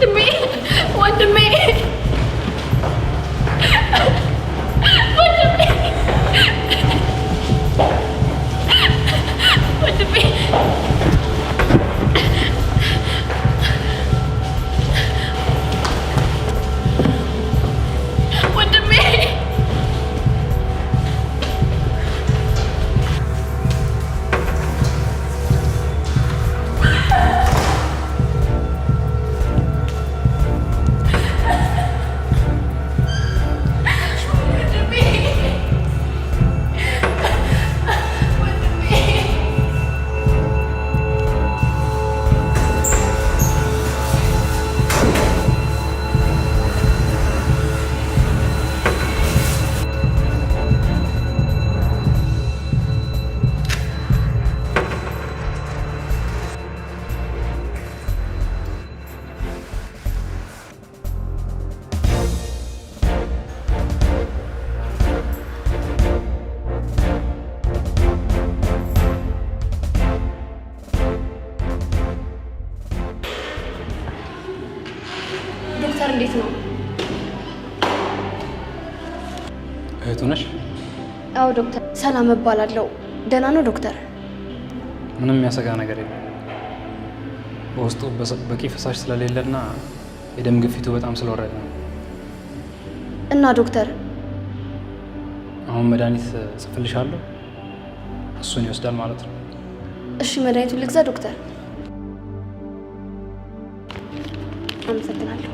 to me. ሲስተር እንዴት ነው? እህቱ ነሽ? አዎ ዶክተር። ሰላም እባላለሁ። ደህና ነው ዶክተር? ምንም የሚያሰጋ ነገር የለም። በውስጡ በቂ ፈሳሽ ስለሌለና የደም ግፊቱ በጣም ስለወረደ ነው። እና ዶክተር አሁን መድኃኒት ጽፍልሻለሁ፣ እሱን ይወስዳል ማለት ነው። እሺ መድኃኒቱን ልግዛ ዶክተር? አመሰግናለሁ።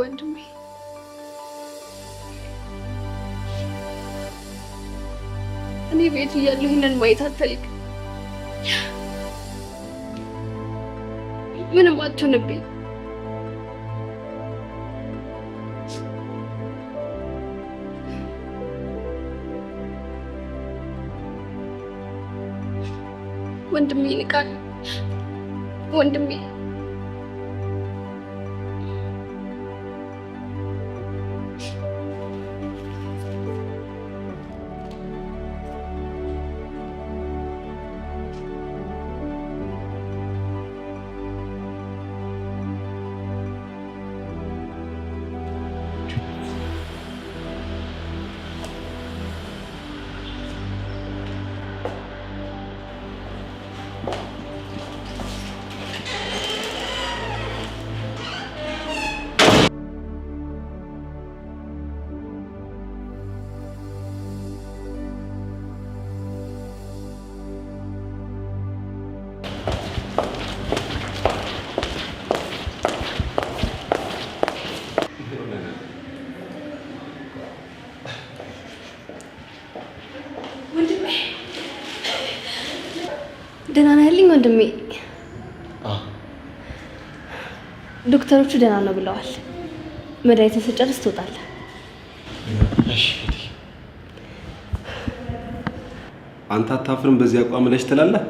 ወንድሜ። እኔ ቤት እያለሁ ይህንን ማየት አልፈልግም። ምንም አትሆንብኝ። ወንድሜ ይንቃል ወንድሜ ወንድሜ ዶክተሮቹ ደህና ነው ብለዋል። መድኃኒትን ስጨርስ ትወጣለህ። አንተ አታፍርም? በዚህ አቋም ለሽ ትላለህ።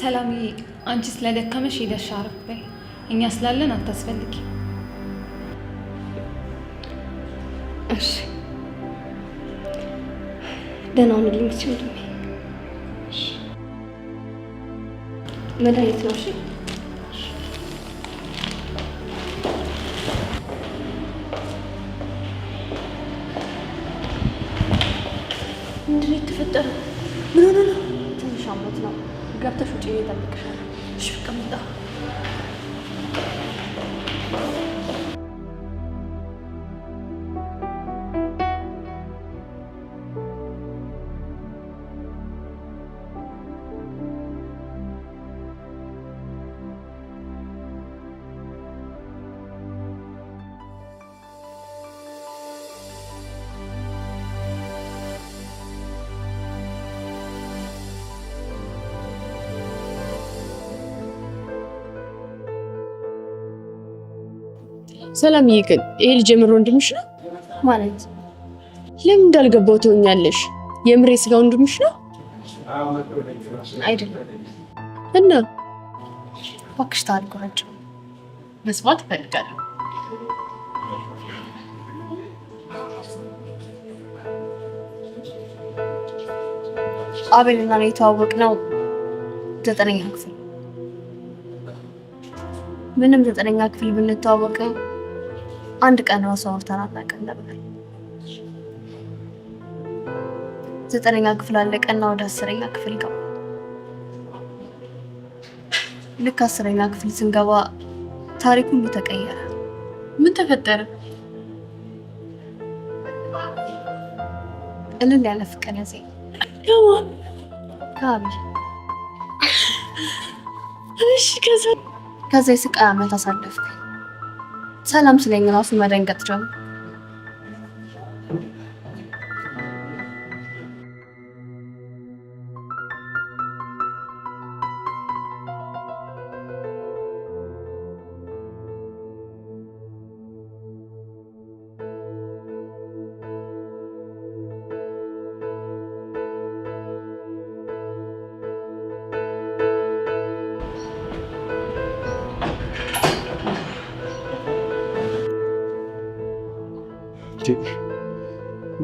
ሰላምዬ፣ አንቺ ስለደከመሽ ሄደሽ አረፍ በይ። እኛ ስላለን አታስፈልጊ። እሺ ደህና ሁንልኝ ወንድሜ። መድኃኒት ነው እሺ። ምንድን ነው የተፈጠረው? ምን ሆነ ነው? ትንሽ አሞት ነው። ገብተሽ ውጪ እጠብቅሻለሁ። እሺ በቃ መጣሁ። ሰላም ይቅን ይሄ ልጅ የምር ወንድምሽ ነው ማለት ለምን እንዳልገባው ትሆኛለሽ? የምሬ ስጋ ወንድምሽ ነው አይደለም? እና እባክሽ ታልኳቸው መስማት እፈልጋለሁ። አቤልና ነው የተዋወቅነው ዘጠነኛ ክፍል ምንም ዘጠነኛ ክፍል ብንተዋወቅም አንድ ቀን ራሱ አውርተን አናውቅም ነበር። ዘጠነኛ ክፍል አለቀና ወደ አስረኛ ክፍል ገባ። ልክ አስረኛ ክፍል ስንገባ ታሪኩ ሁሉ ተቀየረ። ምን ተፈጠረ? እልል ያለ ፍቅር ያዜ ካቢ እሺ። ከዛ ከዛ የስቃይ አመት አሳለፍኩኝ። ሰላም ስለኝ ራሱ መደንገጥ ጀመረ።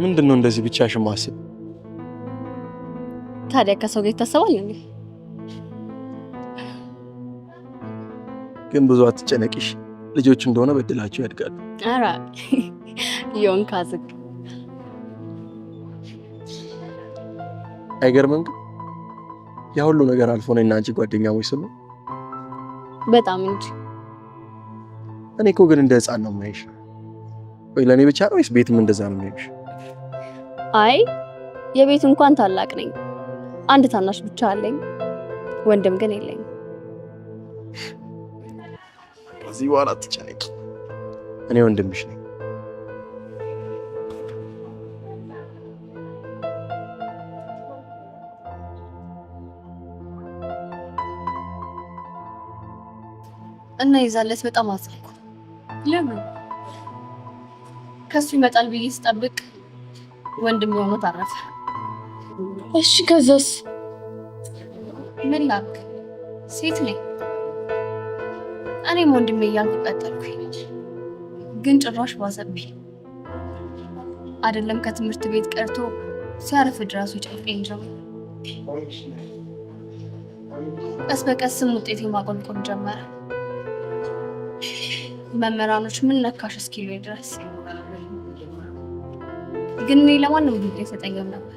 ምንድን ነው እንደዚህ ብቻሽን ሽማስብ ታዲያ ከሰው ጋር ይታሰባል እንዴ? ግን ብዙ አትጨነቂሽ። ልጆች እንደሆነ በድላቸው ያድጋሉ። ኧረ ዮን ካዝቅ አይገርምም? ግን ያ ሁሉ ነገር አልፎ ነው እና አንቺ ጓደኛሞች ስሉ በጣም እንጂ። እኔ እኮ ግን እንደ ሕፃን ነው የማይሽ ቆይ ለእኔ ብቻ ነው ወይስ ቤትም እንደዛ ነው የሚሆንሽ? አይ የቤት እንኳን ታላቅ ነኝ። አንድ ታናሽ ብቻ አለኝ፣ ወንድም ግን የለኝ። ከዚህ በኋላ አትጨነቂ፣ እኔ ወንድምሽ ነኝ። እና ይዛለት በጣም አዘንኩ። ለምን? ከሱ ይመጣል ብዬ ስጠብቅ ወንድም የሆነ ታረፈ። እሺ ከዛስ ምን ላክ? ሴት ነኝ እኔም ወንድሜ እያልኩ ቀጠልኩኝ። ግን ጭራሽ ባሰብኝ። አይደለም ከትምህርት ቤት ቀርቶ ሲያርፍ ድራሱ ጨፍሬን ጀመረ። ቀስ በቀስም ውጤቴ የማቆልቆል ጀመረ። መምህራኖች ምን ነካሽ እስኪሉ ድረስ ግን እኔ ለማንም ጊዜ አይሰጠኝም ነበር።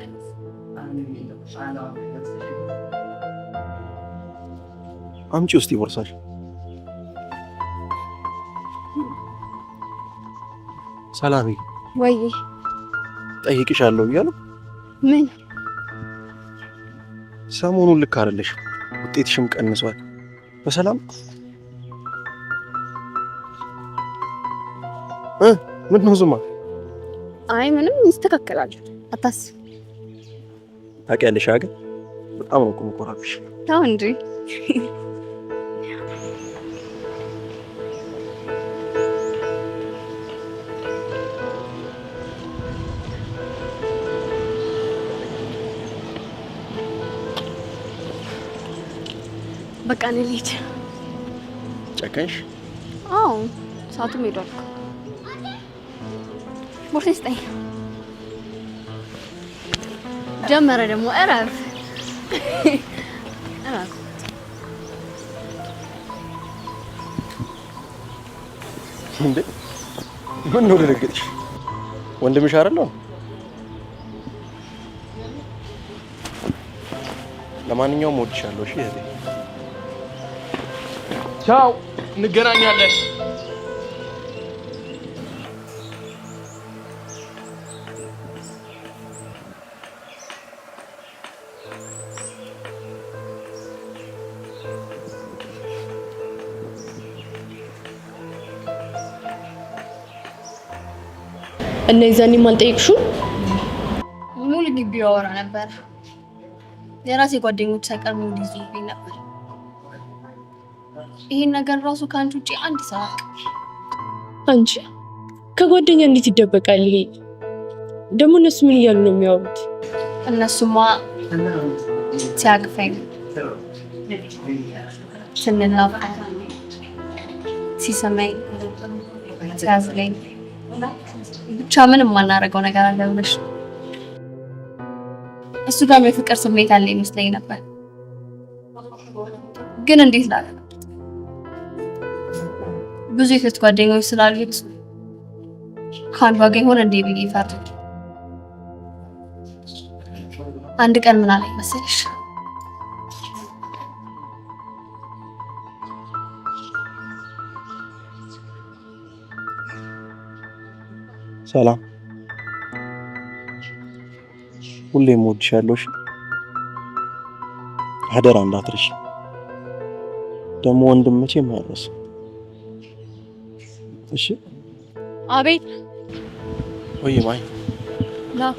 አምጪ ውስጥ ይቦርሳል። ሰላም ወይ ጠይቅሻለሁ እያሉ ምን ሰሞኑን ልክ አይደለሽም፣ ውጤትሽም ቀንሷል። በሰላም እ ምንድን ነው ዝም አይ ምንም ይስተካከላል፣ አታስብ። ታውቂያለሽ ግን በጣም ነው ተው እንጂ በቃ ጨከንሽ? አዎ ሰዓቱም ሄዷል እኮ ቦርሳ ይስጠኝ ጀመረ። ደግሞ እረፍ እንዴ ምን ነው ደነገጥሽ? ወንድምሽ አይደለው? ለማንኛውም ወድሻለሁ። እሺ እህቴ፣ ቻው፣ እንገናኛለን። እና የዛኔም አልጠየቅሽው? ሙሉ ግቢው አወራ ነበር። የራሴ ጓደኞች ሳይቀር ሙሉ ይዞብኝ ነበር። ይሄን ነገር ራሱ ከአንቺ ውጭ አንድ ሰው አንቺ ከጓደኛ እንዴት ይደበቃል? ይሄ ደግሞ እነሱ ምን እያሉ ነው የሚያወሩት? እነሱማ ሲያቅፈኝ ስንላፋ ሲሰማኝ ሲያዝለኝ ብቻ ምንም የማናደርገው ነገር አለ ብለሽ እሱ ጋርም የፍቅር ስሜት አለ ይመስለኝ ነበር። ግን እንዴት ላለ ብዙ የሴት ጓደኞች ስላሉት ከአንዷ ጋር ይሆን እንዴ ብዬ ፈራሁ። አንድ ቀን ምን አለኝ መሰለሽ ሰላም፣ ሁሌም እወድሻለሁ። እሺ፣ አደራ እንዳትረሺ። ደግሞ ወንድም መቼም አይረሳም። እሺ። አቤት። ወይ ማይ ና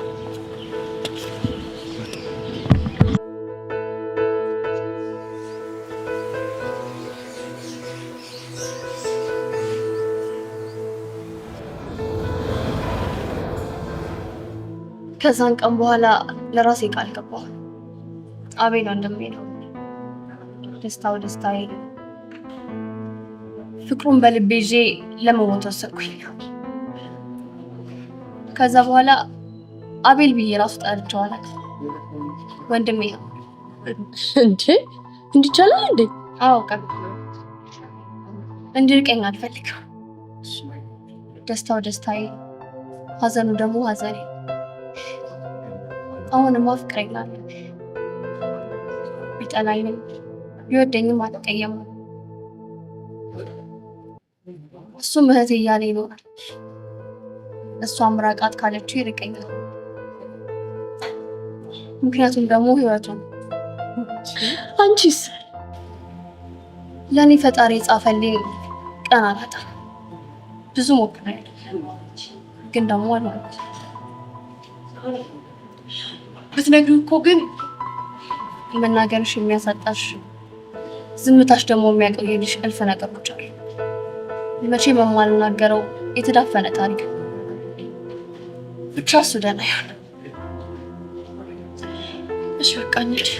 ከዛን ቀን በኋላ ለራሴ ቃል ገባሁ። አቤል ወንድሜ ነው። ደስታው ደስታዬ፣ ፍቅሩን በልቤ ይዤ ለመሞት ወሰንኩኝ። ከዛ በኋላ አቤል ብዬ ራሱ ጠርቸዋል። ወንድሜ ነው እንዴ? እንዲቻላል እንዴ? አዎ፣ ቀን አልፈልግም። ደስታው ደስታዬ፣ ሀዘኑ ደግሞ ሀዘኔ አሁንማ ፍቅር ይላል ቢጠላኝም ቢወደኝም አልቀየምም። እሱም እህት እያለ ይኖራል። እሷም ራቃት ካለችው ይርቀኛል። ምክንያቱም ደግሞ ህይወቱ ነው። አንቺስ? ለእኔ ፈጣሪ የጻፈልኝ ቀን አላጣም። ብዙ ሞክሬያለሁ፣ ግን ደግሞ አልሆነም። ብትነግሪው እኮ ግን መናገርሽ የሚያሳጣሽ ዝምታሽ ደግሞ የሚያቆየልሽ እልፍ ነገሮች አሉ። መቼም የማልናገረው የተዳፈነ ታሪክ ብቻ እሱ ደህና ይሆን። እሺ በቃ እንሂድ።